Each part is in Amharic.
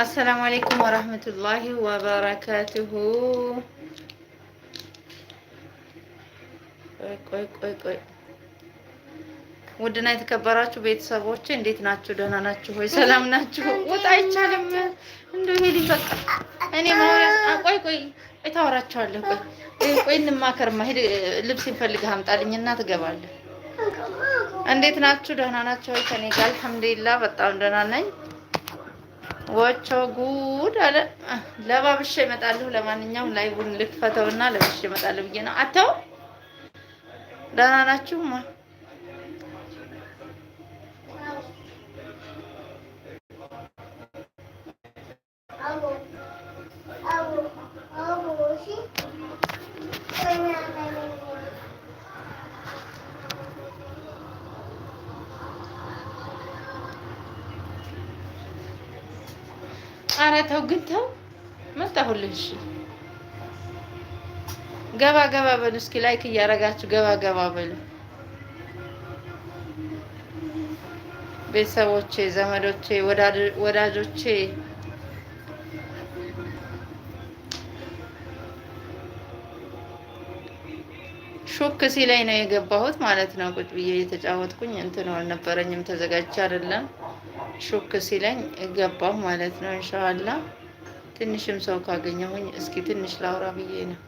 አሰላሙ አሌይኩም ወራህመቱላሂ ወበረካቱሁ። ቆይ ቆይ ቆይ ውድና የተከበራችሁ ቤተሰቦች እንዴት ናችሁ? ደህና ናችሁ ወይ? ሰላም ናችሁ? ወጥ አይቻልም። እንደው ይሄ ልጅ በቃ እኔ ማውራት ቆይ ቆይ እታወራችኋለሁ። ቆይ ቆይ እንማከርማ። ሄድ ልብስ ይፈልግህ አምጣልኝና ትገባለህ። እንዴት ናችሁ? ደህና ናችሁ ወይ? ከኔ ጋር አልሐምዱሊላህ በጣም ደህና ነኝ። ወቾ ጉድ አለ። ለባብሼ እመጣለሁ። ለማንኛውም ላይቡን ልክፈተውና ለብሼ እመጣለሁ ብዬ ነው። አተው ደህና ናችሁ? ማ ኧረ ተው ግን ተው መጣሁልህ። እሺ ገባ ገባ በሉ እስኪ ላይክ እያደረጋችሁ ገባ ገባ በሉ ቤተሰቦቼ፣ ዘመዶቼ፣ ወዳጆቼ ሹክ ሲለኝ ነው የገባሁት ማለት ነው። ቁጭ ብዬ እየተጫወትኩኝ እንትን አልነበረኝም ተዘጋጅቼ አይደለም። ሹክ ሲለኝ እገባው ማለት ነው። እንሻላ ትንሽም ሰው ካገኘሁኝ እስኪ ትንሽ ላውራ ብዬ ነው።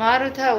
ማሩተው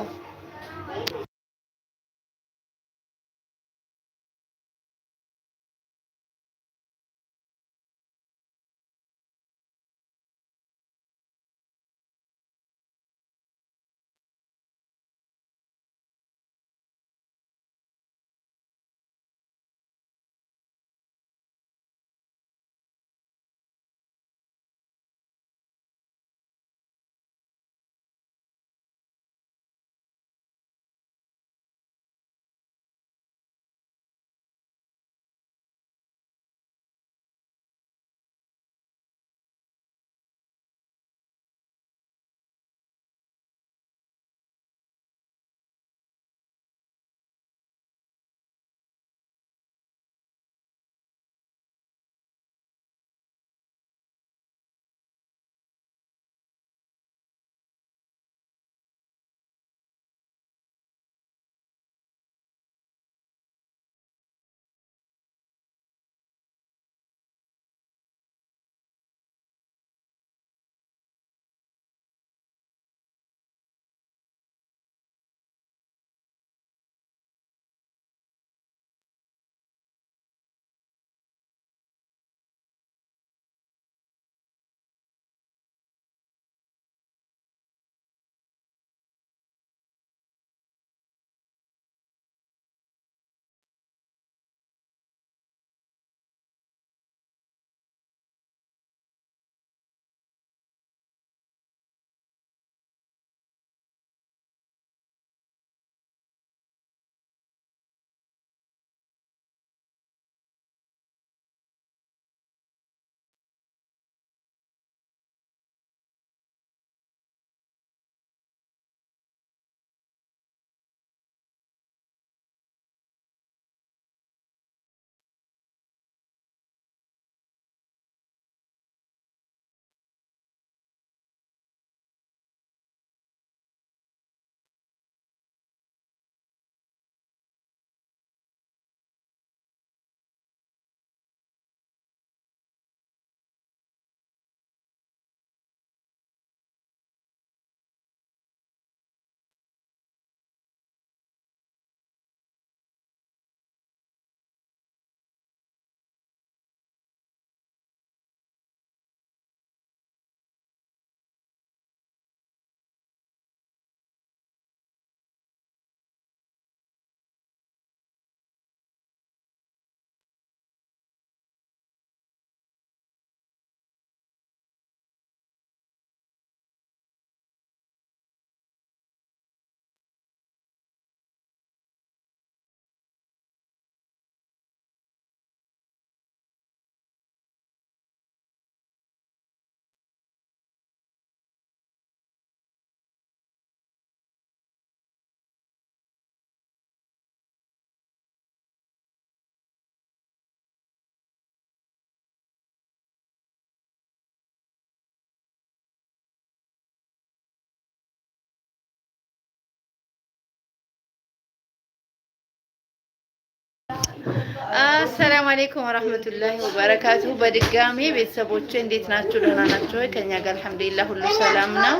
አሌይኩም ወረህመቱላሂ ወበረካቱ። በድጋሜ ቤተሰቦች እንዴት ናቸው ደህና ናችሁ ወይ? ከእኛ ጋር አልሐምዱሊላህ ሁሉ ሰላም ነው።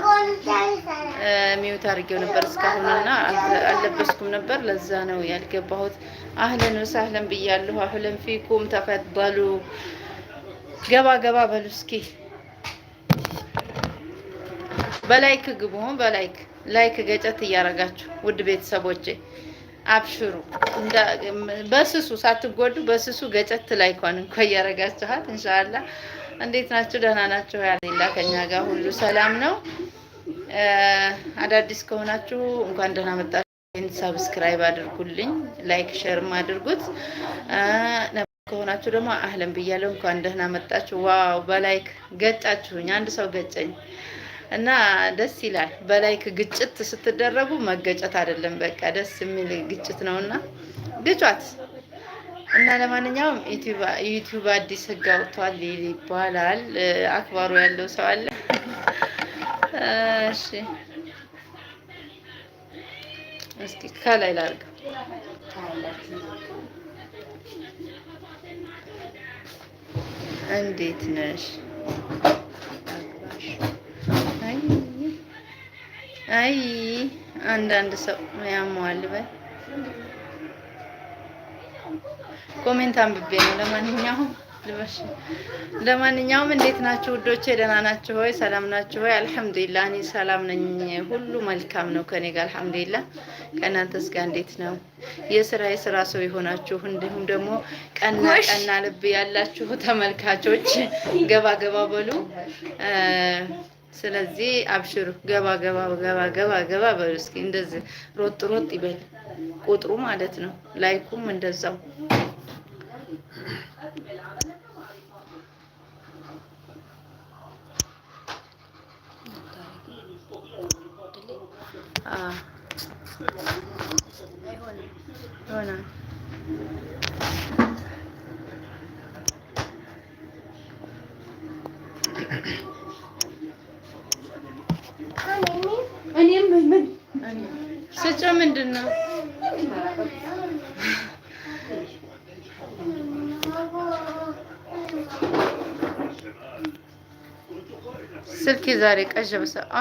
ሚውት አድርጌው ነበር እስካሁንና አልለበስኩም ነበር፣ ለዛ ነው ያልገባሁት። አህለን ወሳህለን ብያለሁ። አህለን ፊኩም ተፈበሉ። ገባ ገባ በሉ እስኪ በላይክ ግቡ። በላይክ ላይክ ገጨት እያረጋችሁ ውድ ቤተሰቦቼ አብሽሩ በስሱ ሳትጎዱ በስሱ ገጨት ላይ ኮን እንኳ እያረጋችኋት እንሻላ እንዴት ናችሁ? ደህና ናችሁ? ያሌላ ከኛ ጋር ሁሉ ሰላም ነው። አዳዲስ ከሆናችሁ እንኳን ደህና መጣችሁ። ሰብስክራይብ አድርጉልኝ፣ ላይክ ሼርም አድርጉት። ከሆናችሁ ደግሞ አህለን ብያለሁ። እንኳን ደህና መጣችሁ። ዋው በላይክ ገጫችሁኝ። አንድ ሰው ገጨኝ። እና ደስ ይላል። በላይክ ግጭት ስትደረጉ መገጨት አይደለም፣ በቃ ደስ የሚል ግጭት ነውና ግጫት እና ለማንኛውም ዩቲዩብ አዲስ ህግ አውጥቷል ይባላል። አክባሩ ያለው ሰው አለ። እሺ እስኪ ከላይ ላድርግ። እንዴት ነሽ? አይ አንዳንድ ሰው ያሟል በል ኮሜንት አንብቤ ነው። ለማንኛውም ለማንኛውም እንዴት ናችሁ ውዶቼ? ደህና ናችሁ ሆይ? ሰላም ናችሁ ሆይ? አልሐምዱሊላህ እኔ ሰላም ነኝ። ሁሉ መልካም ነው ከኔ ጋር አልሐምዱሊላህ። ከእናንተስ ጋር እንዴት ነው? የስራ የስራ ሰው የሆናችሁ እንዲሁም ደግሞ ቀና ቀና ልብ ያላችሁ ተመልካቾች ገባ ገባ በሉ ስለዚህ አብሽሩ፣ ገባ ገባ ገባ ገባ ገባ በሉ እስኪ። እንደዚህ ሮጥ ሮጥ ይበል ቁጥሩ ማለት ነው። ላይኩም እንደዛው ይሆናል። ስጮ ምንድን ነው? ስልክ ዛሬ ቀዥ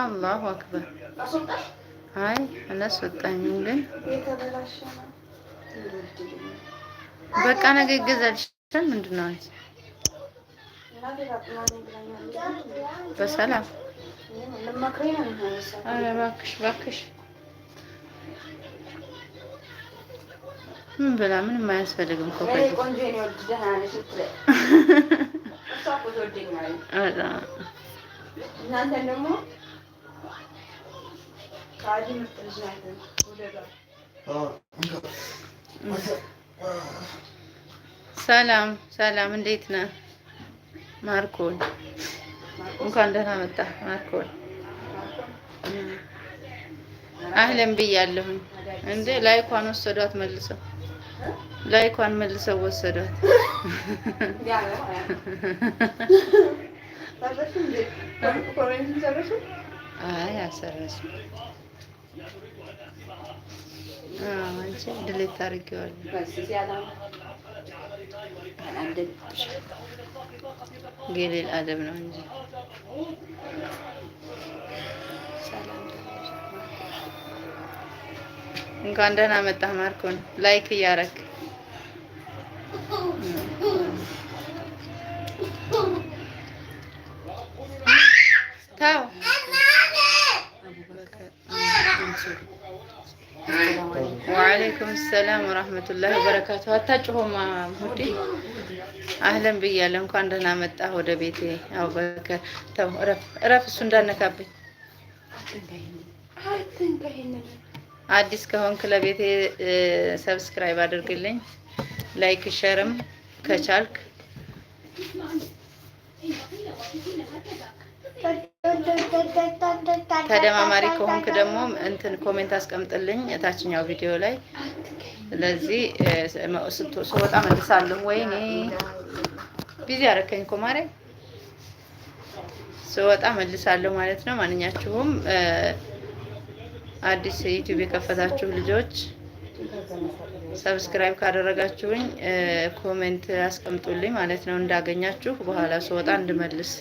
አላሁ አክበር። አይ አላስወጣኝም፣ ግን በቃ ነገ ይገዛልሻል። ምንድን ነው በሰላም ኧረ እባክሽ እባክሽ ምን ብላ ምንም አያስፈልግም። ሰላም ሰላም፣ እንዴት ነህ ማርኮል? እንኳን ደህና መጣህ ማርኮል። አህለን ብያለሁኝ። እንደ ላይኳን ወሰዷት መልሰው ላይኳን መልሰው ወሰዷት። አይ አልሰራሽም። አንቺ ድሌት ታደርጊዋለሁ። አደብ ነው እንጂ እንኳን ደህና መጣህ ማርኮን ላይክ እያረክ ታው ወአለይኩም ሰላም ወራህመቱላሂ ወበረካቱ። አታጭሆማ ሙዲ አህለን ብያለሁ። እንኳን ደህና መጣህ ወደ ቤቴ አቡበከር። ተው እረፍ እረፍ፣ እሱ እንዳነካብኝ አዲስ ከሆንክ ለቤቴ ሰብስክራይብ አድርግልኝ፣ ላይክ ሸርም ከቻልክ ተደማማሪ ከሆንክ ደግሞ እንትን ኮሜንት አስቀምጥልኝ እታችኛው ቪዲዮ ላይ። ስለዚህ ስወጣ መልሳለሁ። ወይኔ ቢዚ አረከኝ ኮማሬ ስወጣ መልሳለሁ ማለት ነው። ማንኛችሁም አዲስ ዩቲዩብ የከፈታችሁ ልጆች ሰብስክራይብ ካደረጋችሁኝ ኮሜንት አስቀምጡልኝ ማለት ነው። እንዳገኛችሁ በኋላ ስወጣ እንድመልስ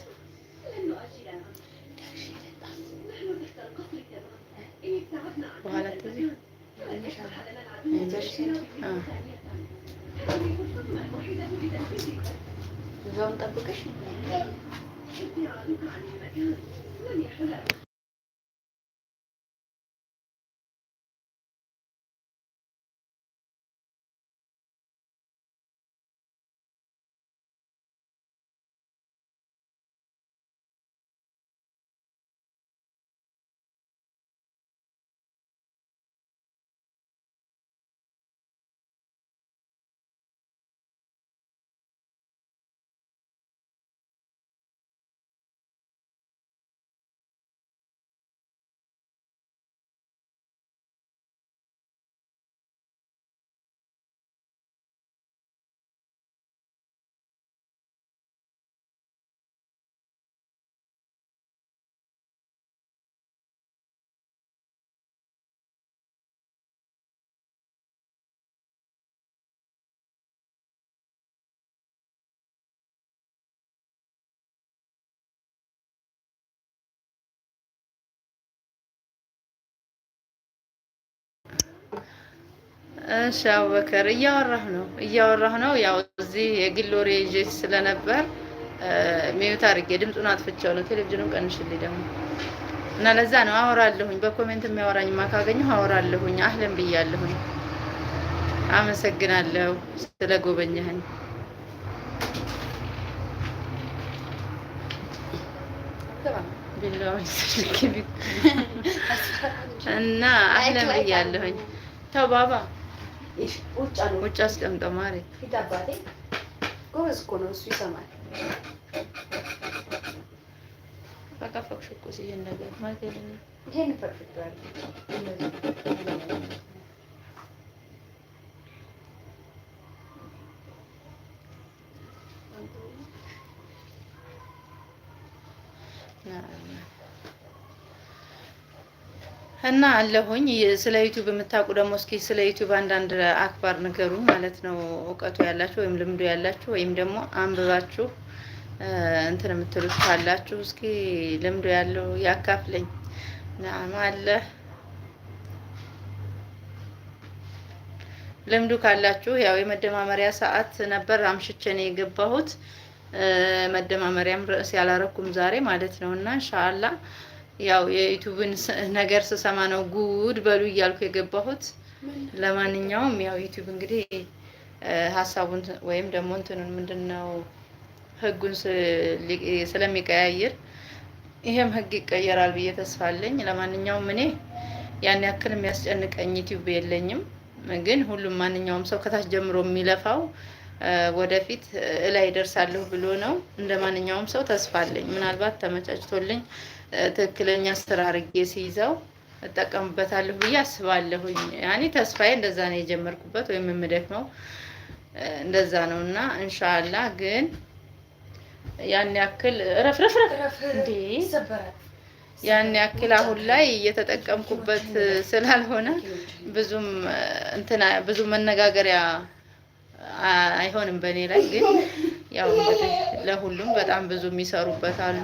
哎呀，你咋的了？真的，那你还来？እሺ አቡበከር እያወራህ ነው እያወራህ ነው። ያው እዚህ የግል ወሬ ይዤ ስለነበር ሚዩት አድርጌ ድምፁን ነው። ቴሌቪዥኑን ቀንሽልኝ ደግሞ እና ለዛ ነው አወራለሁኝ። በኮሜንት የሚያወራኝ ማ ካገኘሁ አወራለሁኝ። አህለን ብያለሁኝ። አመሰግናለሁ ስለጎበኘህን። እና አህለን ብያለሁኝ። ተው ባባ ውጭ አስቀምጠው ማሬ። ጎበዝ እኮ ነው እሱ ይሰማል። ፈቀፈቅሽ እኮ ሲሄድ ነገር ማለት አይደለም። ይሄን ፈቅፍቀዋል እና አለሁኝ። ስለ ዩቱብ የምታውቁ ደግሞ እስኪ ስለ ዩቱብ አንዳንድ አክባር ነገሩ ማለት ነው እውቀቱ ያላችሁ ወይም ልምዱ ያላችሁ ወይም ደግሞ አንብባችሁ እንትን የምትሉት ካላችሁ እስኪ ልምዱ ያለው ያካፍለኝ። ናም አለ ልምዱ ካላችሁ ያው የመደማመሪያ ሰዓት ነበር አምሽቼ ነው የገባሁት። መደማመሪያም ርዕስ ያላረኩም ዛሬ ማለት ነው እና ኢንሻአላህ ያው የዩቲዩብን ነገር ስሰማ ነው ጉድ በሉ እያልኩ የገባሁት። ለማንኛውም ያው ዩቲዩብ እንግዲህ ሀሳቡን ወይም ደግሞ እንትኑን ምንድነው ህጉን ስለሚቀያየር ይሄም ህግ ይቀየራል ብዬ ተስፋ አለኝ። ለማንኛውም እኔ ያን ያክል የሚያስጨንቀኝ ዩቲዩብ የለኝም፣ ግን ሁሉም ማንኛውም ሰው ከታች ጀምሮ የሚለፋው ወደፊት እላይ ደርሳለሁ ብሎ ነው። እንደ ማንኛውም ሰው ተስፋ አለኝ። ምናልባት ተመቻችቶልኝ ትክክለኛ ስራ አድርጌ ሲይዘው እጠቀምበታለሁ ብዬ አስባለሁኝ። ያኔ ተስፋዬ እንደዛ ነው የጀመርኩበት ወይም የምደክመው እንደዛ ነው እና እንሻላ ግን ያን ያክል ረፍረፍረፍ ያን ያክል አሁን ላይ እየተጠቀምኩበት ስላልሆነ ብዙም እንትና ብዙ መነጋገሪያ አይሆንም በእኔ ላይ ግን ያው ለሁሉም በጣም ብዙ የሚሰሩበት አሉ።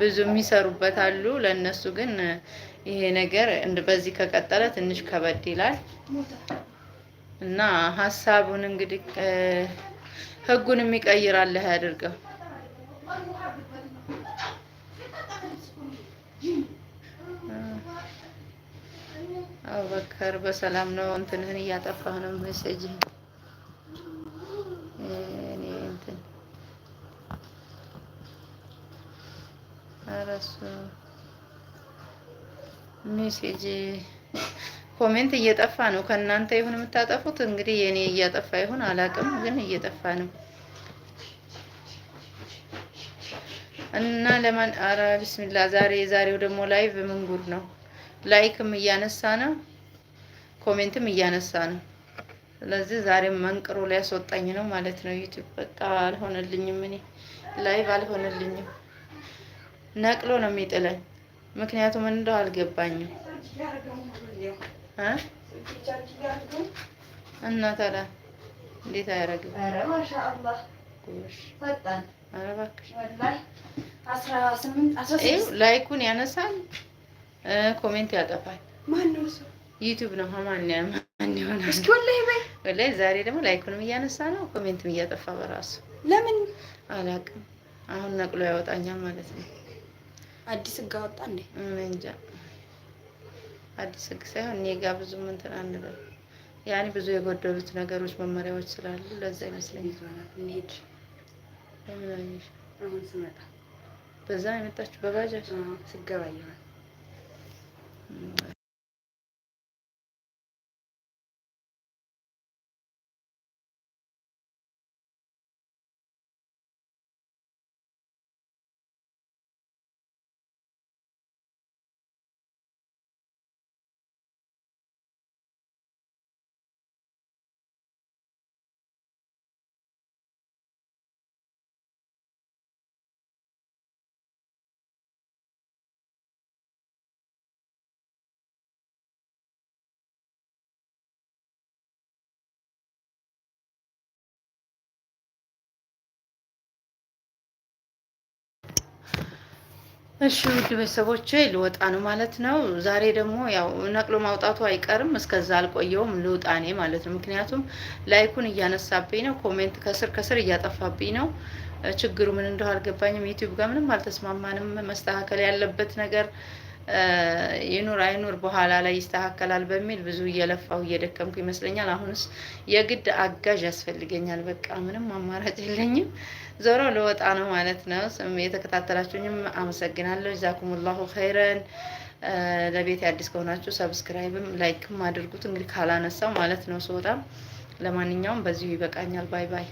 ብዙ የሚሰሩበት አሉ። ለእነሱ ግን ይሄ ነገር በዚህ ከቀጠለ ትንሽ ከበድ ይላል እና ሀሳቡን እንግዲህ ህጉን የሚቀይራለህ ያድርገው። አበከር በሰላም ነው። እንትንህን እያጠፋህ ነው መሰጅ እረሱ ሜሴጅ ኮሜንት እየጠፋ ነው። ከእናንተ ይሁን የምታጠፉት እንግዲህ የኔ እያጠፋ ይሁን አላውቅም፣ ግን እየጠፋ ነው እና ለማን አረ ቢስሚላ ዛሬ የዛሬው ደግሞ ላይቭ ምን ጉድ ነው! ላይክም እያነሳ ነው፣ ኮሜንትም እያነሳ ነው። ስለዚህ ዛሬም መንቅሮ ሊያስወጣኝ ነው ማለት ነው። ዩቲዩብ በቃ አልሆነልኝም፣ እኔ ላይቭ አልሆነልኝም። ነቅሎ ነው የሚጥለኝ። ምክንያቱም እንደው አልገባኝም እና ታዲያ እንዴት አያደርግም? ኧረ ላይኩን ያነሳል፣ ኮሜንት ያጠፋል። ዩቲዩብ ነው ማን ይሆናል? ዛሬ ደግሞ ላይኩንም እያነሳ ነው፣ ኮሜንትም እያጠፋ በራሱ ለምን አላውቅም። አሁን ነቅሎ ያወጣኛል ማለት ነው። አዲስ ህግ አወጣ እንዴ? እንጃ አዲስ ህግ ሳይሆን እኔ ጋር ብዙ እንትን አንልም። ያኔ ብዙ የጎደሉት ነገሮች መመሪያዎች ስላሉ ለዛ ይመስለኛል። እንሂድ። ለምን አየሽ? አሁን ስመጣ በዛ የመጣችሁ በባጃጅ ስገባ ይሆናል እሺ ውድ ቤተሰቦቼ ልወጣ ነው ማለት ነው። ዛሬ ደግሞ ያው ነቅሎ ማውጣቱ አይቀርም። እስከዛ አልቆየውም ልውጣኔ ማለት ነው። ምክንያቱም ላይኩን እያነሳብኝ ነው፣ ኮሜንት ከስር ከስር እያጠፋብኝ ነው። ችግሩ ምን እንደው አልገባኝም። ዩቲዩብ ጋር ምንም አልተስማማንም። መስተካከል ያለበት ነገር ይኑር አይኑር በኋላ ላይ ይስተካከላል በሚል ብዙ እየለፋሁ እየደከምኩ ይመስለኛል። አሁንስ የግድ አጋዥ ያስፈልገኛል። በቃ ምንም አማራጭ የለኝም። ዞሮ ልወጣ ነው ማለት ነው። የተከታተላችሁኝም አመሰግናለሁ። ጀዛኩሙላሁ ኸይረን። ለቤት አዲስ ከሆናችሁ ሰብስክራይብም ላይክም አድርጉት። እንግዲህ ካላነሳው ማለት ነው ስወጣ። ለማንኛውም በዚሁ ይበቃኛል። ባይ ባይ።